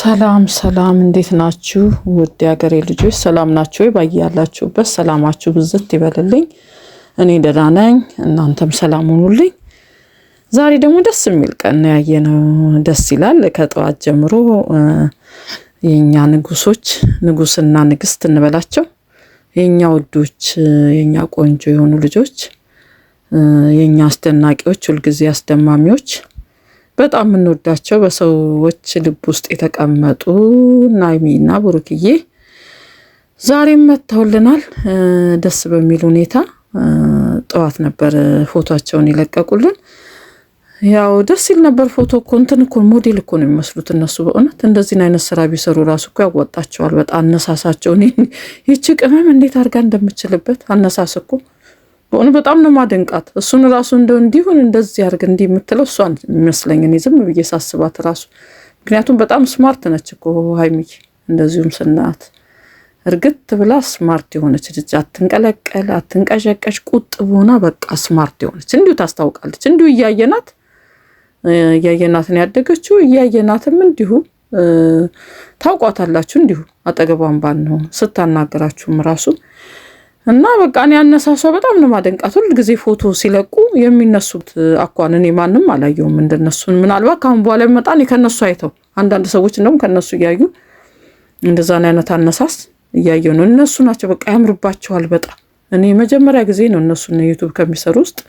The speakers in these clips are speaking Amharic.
ሰላም ሰላም፣ እንዴት ናችሁ? ውድ የሀገሬ ልጆች ሰላም ናችሁ ወይ? ባያላችሁበት ሰላማችሁ ብዝት ይበልልኝ። እኔ ደህና ነኝ፣ እናንተም ሰላም ሁኑልኝ። ዛሬ ደግሞ ደስ የሚል ቀን ያየ ነው። ደስ ይላል። ከጠዋት ጀምሮ የእኛ ንጉሶች ንጉስና ንግስት እንበላቸው የእኛ ውዶች፣ የእኛ ቆንጆ የሆኑ ልጆች፣ የእኛ አስደናቂዎች፣ ሁልጊዜ አስደማሚዎች በጣም የምንወዳቸው በሰዎች ልብ ውስጥ የተቀመጡ ናይሚና ብሩክዬ ዛሬም መጥተውልናል። ደስ በሚል ሁኔታ ጠዋት ነበር ፎቶቸውን የለቀቁልን። ያው ደስ ይል ነበር ፎቶ እኮ እንትን እኮ ሞዴል እኮ ነው የሚመስሉት እነሱ። በእውነት እንደዚህን አይነት ስራ ቢሰሩ ራሱ እኮ ያወጣቸዋል። በጣም አነሳሳቸው ይቺ ቅመም እንዴት አድርጋ እንደምችልበት አነሳስ እኮ በእውነት በጣም ነው ማደንቃት። እሱን ራሱ እንደው እንዲሁን እንደዚህ አድርግ እንዲህ የምትለው እሷን የሚመስለኝ እኔ ዝም ብዬ ሳስባት ራሱ ምክንያቱም በጣም ስማርት ነች እኮ ሀይሚ እንደዚሁም ስናት እርግት ብላ ስማርት የሆነች ልጅ አትንቀለቀል፣ አትንቀሸቀሽ፣ ቁጥብ ሆና በቃ ስማርት የሆነች እንዲሁ ታስታውቃለች። እንዲሁ እያየናት እያየናትን ያደገችው እያየናትም እንዲሁ ታውቋታላችሁ። እንዲሁ አጠገቧን ባንሆን ስታናገራችሁም ራሱ እና በቃ እኔ አነሳሷ በጣም ነው ማደንቃት። ሁልጊዜ ጊዜ ፎቶ ሲለቁ የሚነሱት አኳን እኔ ማንም አላየውም እንደነሱን። ምናልባት ከአሁን በኋላ ይመጣን ከነሱ አይተው አንዳንድ ሰዎች እንደውም ከነሱ እያዩ እንደዛን አይነት አነሳስ እያየው ነው። እነሱ ናቸው በቃ ያምርባቸዋል በጣም እኔ መጀመሪያ ጊዜ ነው እነሱን ዩቱብ ከሚሰሩ ውስጥ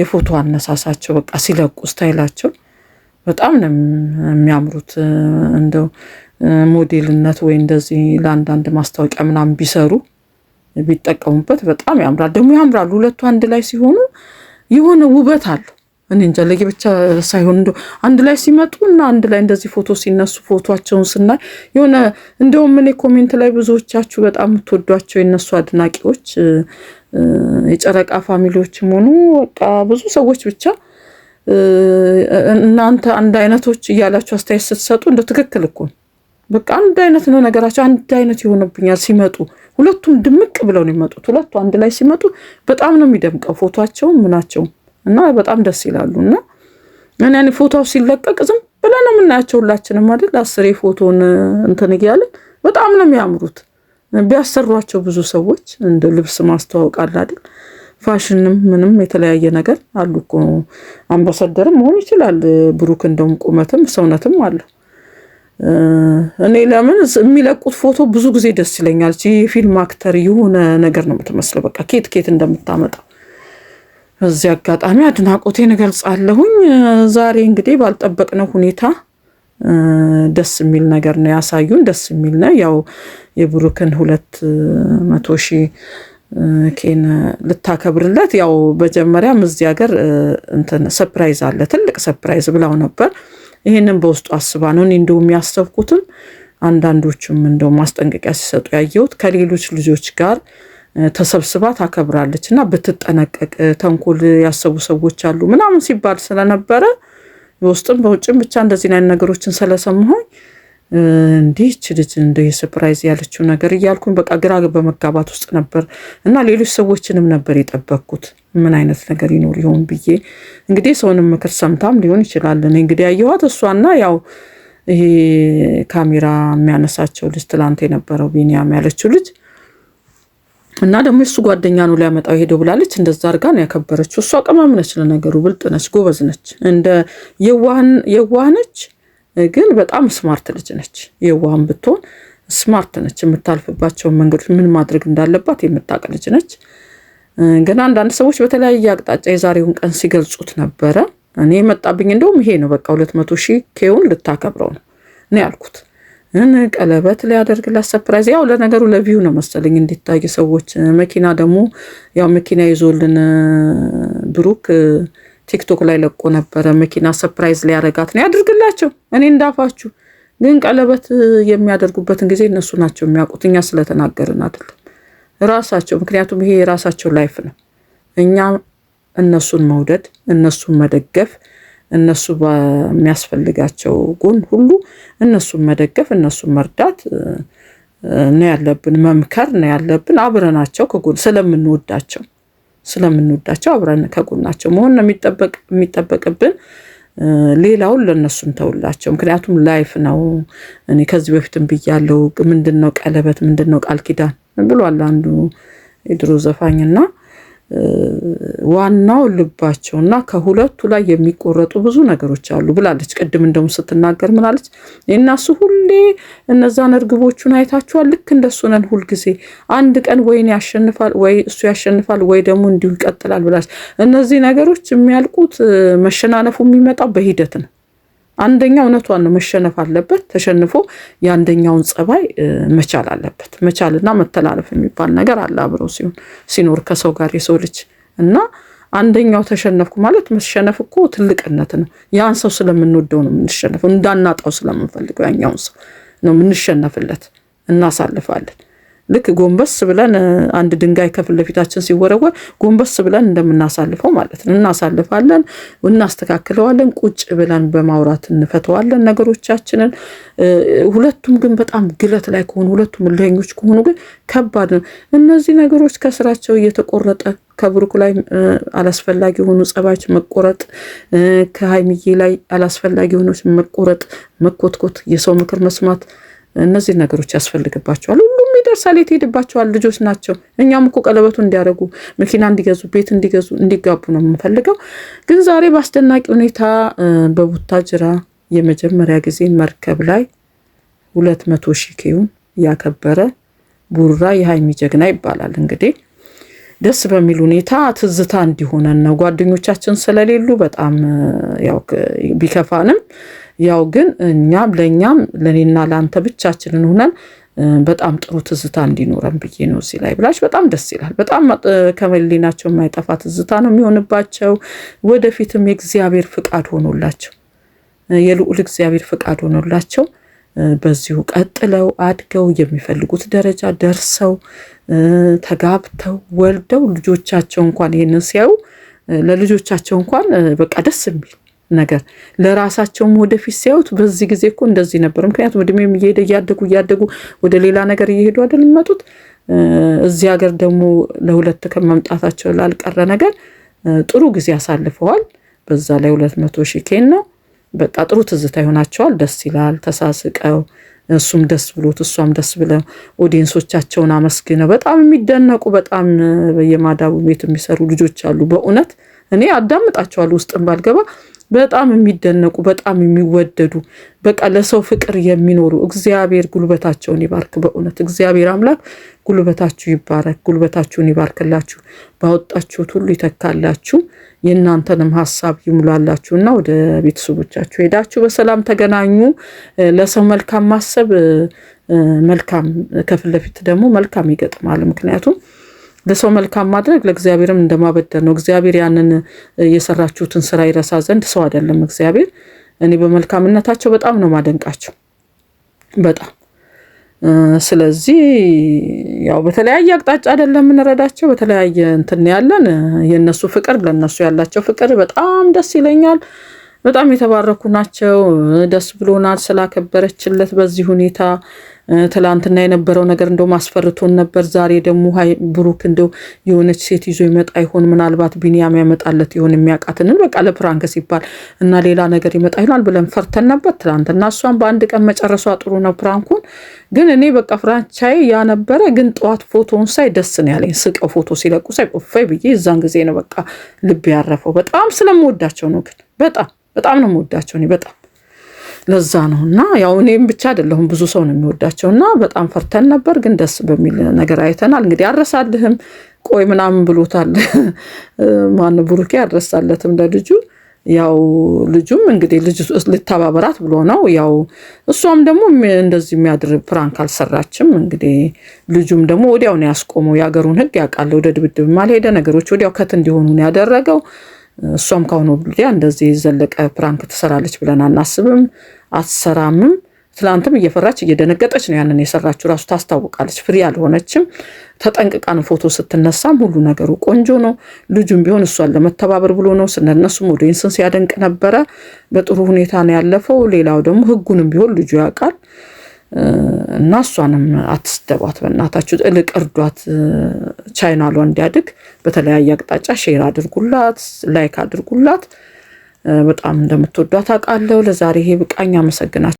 የፎቶ አነሳሳቸው በቃ ሲለቁ ስታይላቸው በጣም ነው የሚያምሩት። እንደው ሞዴልነት ወይ እንደዚህ ለአንዳንድ ማስታወቂያ ምናምን ቢሰሩ ቢጠቀሙበት በጣም ያምራል። ደግሞ ያምራሉ ሁለቱ አንድ ላይ ሲሆኑ የሆነ ውበት አለው። እኔ እንጃ ብቻ ሳይሆን እንደው አንድ ላይ ሲመጡ እና አንድ ላይ እንደዚህ ፎቶ ሲነሱ ፎቶቸውን ስናይ የሆነ እንደውም እኔ ኮሜንት ላይ ብዙዎቻችሁ በጣም የምትወዷቸው የነሱ አድናቂዎች የጨረቃ ፋሚሊዎችም ሆኑ በቃ ብዙ ሰዎች ብቻ እናንተ አንድ አይነቶች እያላችሁ አስተያየት ስትሰጡ እንደ ትክክል እኮ በቃ አንድ አይነት ነው ነገራቸው። አንድ አይነት የሆነብኛል ሲመጡ ሁለቱም ድምቅ ብለው ነው የሚመጡት። ሁለቱ አንድ ላይ ሲመጡ በጣም ነው የሚደምቀው ፎቷቸውም ምናቸውም እና በጣም ደስ ይላሉ። እና እኔ ያኔ ፎቶው ሲለቀቅ ዝም ብለን ነው የምናያቸው ሁላችንም አይደል? አስሬ ፎቶን እንትን እያለን በጣም ነው የሚያምሩት። ቢያሰሯቸው ብዙ ሰዎች እንደ ልብስ ማስተዋወቅ አለ አይደል? ፋሽንም ምንም የተለያየ ነገር አሉ እኮ አምባሳደርም መሆን ይችላል ብሩክ። እንደውም ቁመትም ሰውነትም አለው እኔ ለምን የሚለቁት ፎቶ ብዙ ጊዜ ደስ ይለኛል። የፊልም አክተር የሆነ ነገር ነው የምትመስለው። በቃ ኬት ኬት እንደምታመጣ በዚህ አጋጣሚ አድናቆቴን እገልጻለሁኝ። ዛሬ እንግዲህ ባልጠበቅነው ሁኔታ ደስ የሚል ነገር ነው ያሳዩን። ደስ የሚል ነው ያው የብሩክን ሁለት መቶ ሺህ ኬን ልታከብርለት ያው መጀመሪያም እዚህ ሀገር እንትን ሰፕራይዝ አለ ትልቅ ሰፕራይዝ ብላው ነበር ይሄንን በውስጡ አስባ ነው እኔ እንደውም ያሰብኩትም አንዳንዶቹም እንደው ማስጠንቀቂያ ሲሰጡ ያየሁት ከሌሎች ልጆች ጋር ተሰብስባ ታከብራለች እና ብትጠነቀቅ ተንኮል ያሰቡ ሰዎች አሉ ምናምን ሲባል ስለነበረ በውስጥም በውጭም ብቻ እንደዚህ አይነት ነገሮችን ስለሰማሁኝ እንዲህ ችልጅ እንደ የሰፕራይዝ ያለችው ነገር እያልኩኝ በቃ ግራ በመጋባት ውስጥ ነበር እና ሌሎች ሰዎችንም ነበር የጠበቅኩት ምን አይነት ነገር ይኖር ይሆን ብዬ እንግዲህ ሰውንም ምክር ሰምታም ሊሆን ይችላል። እኔ እንግዲህ ያየኋት እሷና ያው ይሄ ካሜራ የሚያነሳቸው ልጅ ትላንት የነበረው ቢኒያም ያለችው ልጅ እና ደግሞ እሱ ጓደኛ ነው ሊያመጣው ሄደው ብላለች። እንደዛ አድርጋ ነው ያከበረችው። እሷ ቅመም ነች፣ ለነገሩ ብልጥ ነች፣ ጎበዝ ነች፣ እንደ የዋህ ነች ግን በጣም ስማርት ልጅ ነች። የዋህም ብትሆን ስማርት ነች። የምታልፍባቸውን መንገዶች ምን ማድረግ እንዳለባት የምታቅ ልጅ ነች። ግን አንዳንድ ሰዎች በተለያየ አቅጣጫ የዛሬውን ቀን ሲገልጹት ነበረ። እኔ የመጣብኝ እንደውም ይሄ ነው። በቃ ሁለት መቶ ሺህ ኬውን ልታከብረው ነው እኔ ያልኩት። ቀለበት ሊያደርግላት ሰፕራይዝ። ያው ለነገሩ ለቪው ነው መሰለኝ እንዲታይ ሰዎች። መኪና ደግሞ ያው መኪና ይዞልን ብሩክ ቲክቶክ ላይ ለቆ ነበረ። መኪና ሰፕራይዝ ሊያረጋት ነው። ያድርግላቸው። እኔ እንዳፋችሁ ግን ቀለበት የሚያደርጉበትን ጊዜ እነሱ ናቸው የሚያውቁት። እኛ ስለተናገርን አይደለም ራሳቸው። ምክንያቱም ይሄ የራሳቸው ላይፍ ነው። እኛ እነሱን መውደድ፣ እነሱን መደገፍ፣ እነሱ በሚያስፈልጋቸው ጎን ሁሉ እነሱን መደገፍ፣ እነሱን መርዳት ነው ያለብን። መምከር ነው ያለብን። አብረናቸው ከጎን ስለምንወዳቸው ስለምንወዳቸው አብረን ከጎናቸው መሆን ነው የሚጠበቅብን። ሌላውን ለእነሱም ተውላቸው። ምክንያቱም ላይፍ ነው። እኔ ከዚህ በፊትም ብያለው። ምንድን ነው ቀለበት፣ ምንድን ነው ቃል ኪዳን ብሏል አንዱ የድሮ ዘፋኝና ዋናው ልባቸው እና ከሁለቱ ላይ የሚቆረጡ ብዙ ነገሮች አሉ ብላለች። ቅድም እንደውም ስትናገር ምናለች? እናሱ ሁሌ እነዛን እርግቦቹን አይታችኋል። ልክ እንደሱ ነን ሁልጊዜ። አንድ ቀን ወይን ያሸንፋል ወይ እሱ ያሸንፋል ወይ ደግሞ እንዲሁ ይቀጥላል ብላለች። እነዚህ ነገሮች የሚያልቁት መሸናነፉ የሚመጣው በሂደት ነው። አንደኛ እውነቷን ነው፣ መሸነፍ አለበት። ተሸንፎ የአንደኛውን ጸባይ መቻል አለበት። መቻልና መተላለፍ የሚባል ነገር አለ አብረው ሲሆን ሲኖር ከሰው ጋር የሰው ልጅ እና አንደኛው ተሸነፍኩ ማለት መሸነፍ እኮ ትልቅነት ነው። ያን ሰው ስለምንወደው ነው የምንሸነፈው። እንዳናጣው ስለምንፈልገው ያኛውን ሰው ነው የምንሸነፍለት። እናሳልፋለን ልክ ጎንበስ ብለን አንድ ድንጋይ ከፊት ለፊታችን ሲወረወር ጎንበስ ብለን እንደምናሳልፈው ማለት ነው። እናሳልፋለን፣ እናስተካክለዋለን፣ ቁጭ ብለን በማውራት እንፈተዋለን ነገሮቻችንን። ሁለቱም ግን በጣም ግለት ላይ ከሆኑ ሁለቱም እልኸኞች ከሆኑ ግን ከባድ ነው። እነዚህ ነገሮች ከስራቸው እየተቆረጠ ከብሩክ ላይ አላስፈላጊ የሆኑ ጸባዮች መቆረጥ፣ ከሀይሚዬ ላይ አላስፈላጊ የሆኖች መቆረጥ፣ መኮትኮት፣ የሰው ምክር መስማት እነዚህ ነገሮች ያስፈልግባቸዋል። ለምሳሌ ትሄድባቸዋል። ልጆች ናቸው። እኛም እኮ ቀለበቱ እንዲያደርጉ መኪና እንዲገዙ ቤት እንዲገዙ እንዲጋቡ ነው የምንፈልገው። ግን ዛሬ በአስደናቂ ሁኔታ በቡታጅራ የመጀመሪያ ጊዜ መርከብ ላይ ሁለት መቶ ሺህ ኬውን ያከበረ ቡራ የሀይሚ ጀግና ይባላል። እንግዲህ ደስ በሚል ሁኔታ ትዝታ እንዲሆነን ነው። ጓደኞቻችን ስለሌሉ በጣም ያው ቢከፋንም ያው ግን እኛም ለእኛም ለእኔና ለአንተ ብቻችንን ሆነን በጣም ጥሩ ትዝታ እንዲኖረን ብዬ ነው። እዚህ ላይ ብላች በጣም ደስ ይላል። በጣም ከመሌናቸው የማይጠፋ ትዝታ ነው የሚሆንባቸው። ወደፊትም የእግዚአብሔር ፍቃድ ሆኖላቸው የልዑል እግዚአብሔር ፍቃድ ሆኖላቸው በዚሁ ቀጥለው አድገው የሚፈልጉት ደረጃ ደርሰው ተጋብተው ወልደው ልጆቻቸው እንኳን ይህንን ሲያዩ ለልጆቻቸው እንኳን በቃ ደስ የሚል ነገር ለራሳቸውም ወደፊት ሲያዩት በዚህ ጊዜ እኮ እንደዚህ ነበር። ምክንያቱም እድሜም እየሄደ እያደጉ እያደጉ ወደ ሌላ ነገር እየሄዱ አይደል የሚመጡት። እዚህ ሀገር ደግሞ ለሁለት ከመምጣታቸው ላልቀረ ነገር ጥሩ ጊዜ አሳልፈዋል። በዛ ላይ ሁለት መቶ ሺህ ኬን ነው። በቃ ጥሩ ትዝታ ይሆናቸዋል። ደስ ይላል። ተሳስቀው እሱም ደስ ብሎት እሷም ደስ ብለው ኦዲየንሶቻቸውን አመስግነው በጣም የሚደነቁ በጣም የማዳቡ ቤት የሚሰሩ ልጆች አሉ። በእውነት እኔ አዳምጣቸዋል ውስጥን ባልገባ በጣም የሚደነቁ በጣም የሚወደዱ በቃ ለሰው ፍቅር የሚኖሩ እግዚአብሔር ጉልበታቸውን ይባርክ። በእውነት እግዚአብሔር አምላክ ጉልበታችሁ ይባረክ፣ ጉልበታችሁን ይባርክላችሁ፣ ባወጣችሁት ሁሉ ይተካላችሁ፣ የእናንተንም ሀሳብ ይሙላላችሁ እና ወደ ቤተሰቦቻችሁ ሄዳችሁ በሰላም ተገናኙ። ለሰው መልካም ማሰብ መልካም፣ ከፊት ለፊት ደግሞ መልካም ይገጥማል። ምክንያቱም ለሰው መልካም ማድረግ ለእግዚአብሔርም እንደማበደር ነው። እግዚአብሔር ያንን የሰራችሁትን ስራ ይረሳ ዘንድ ሰው አይደለም እግዚአብሔር። እኔ በመልካምነታቸው በጣም ነው ማደንቃቸው በጣም ስለዚህ ያው በተለያየ አቅጣጫ አይደለም የምንረዳቸው፣ በተለያየ እንትን ያለን የእነሱ ፍቅር ለእነሱ ያላቸው ፍቅር በጣም ደስ ይለኛል። በጣም የተባረኩ ናቸው። ደስ ብሎናል ስላከበረችለት በዚህ ሁኔታ። ትላንትና የነበረው ነገር እንደው ማስፈርቶን ነበር። ዛሬ ደግሞ ብሩክ እንደው የሆነች ሴት ይዞ ይመጣ ይሆን? ምናልባት ቢኒያም ያመጣለት ይሆን? የሚያውቃትንን በቃ ለፕራንክ ሲባል እና ሌላ ነገር ይመጣ ይሆናል ብለን ፈርተን ነበር ትላንትና። እሷን በአንድ ቀን መጨረሷ ጥሩ ነው ፕራንኩን። ግን እኔ በቃ ፍራንቻይ ያ ነበረ። ግን ጠዋት ፎቶውን ሳይ ደስ ነው ያለኝ። ስቀው ፎቶ ሲለቁ ሳይ ቆፋይ ብዬ እዛን ጊዜ ነው በቃ ልብ ያረፈው። በጣም ስለምወዳቸው ነው ግን በጣም በጣም ነው የምወዳቸው እኔ በጣም ለዛ ነው እና ያው እኔም ብቻ አይደለሁም ብዙ ሰው ነው የሚወዳቸው እና በጣም ፈርተን ነበር፣ ግን ደስ በሚል ነገር አይተናል። እንግዲህ አረሳልህም ቆይ ምናምን ብሎታል። ማን ብሩኬ አረሳለትም ለልጁ ያው ልጁም እንግዲህ ልጅ ልተባበራት ብሎ ነው። ያው እሷም ደግሞ እንደዚህ የሚያድር ፕራንክ አልሰራችም። እንግዲህ ልጁም ደግሞ ወዲያው ነው ያስቆመው። የሀገሩን ሕግ ያውቃል። ወደ ድብድብ ማልሄደ ነገሮች ወዲያው ከት እንዲሆኑ ነው ያደረገው። እሷም ከሆኑ ጊዜ እንደዚህ ዘለቀ ፕራንክ ትሰራለች ብለን አናስብም፣ አትሰራምም። ትናንትም እየፈራች እየደነገጠች ነው ያንን የሰራችው ራሱ ታስታውቃለች። ፍሪ አልሆነችም። ተጠንቅቃን ፎቶ ስትነሳም ሁሉ ነገሩ ቆንጆ ነው። ልጁም ቢሆን እሷን ለመተባበር ብሎ ነው። ስነነሱም ኢንስን ሲያደንቅ ነበረ። በጥሩ ሁኔታ ነው ያለፈው። ሌላው ደግሞ ህጉንም ቢሆን ልጁ ያውቃል። እና እሷንም አትስደቧት በእናታችሁ፣ እልቅ እርዷት። ቻይናሉ እንዲያድግ በተለያየ አቅጣጫ ሼር አድርጉላት፣ ላይክ አድርጉላት። በጣም እንደምትወዷት አውቃለሁ። ለዛሬ ይሄ ብቃኝ። አመሰግናቸው።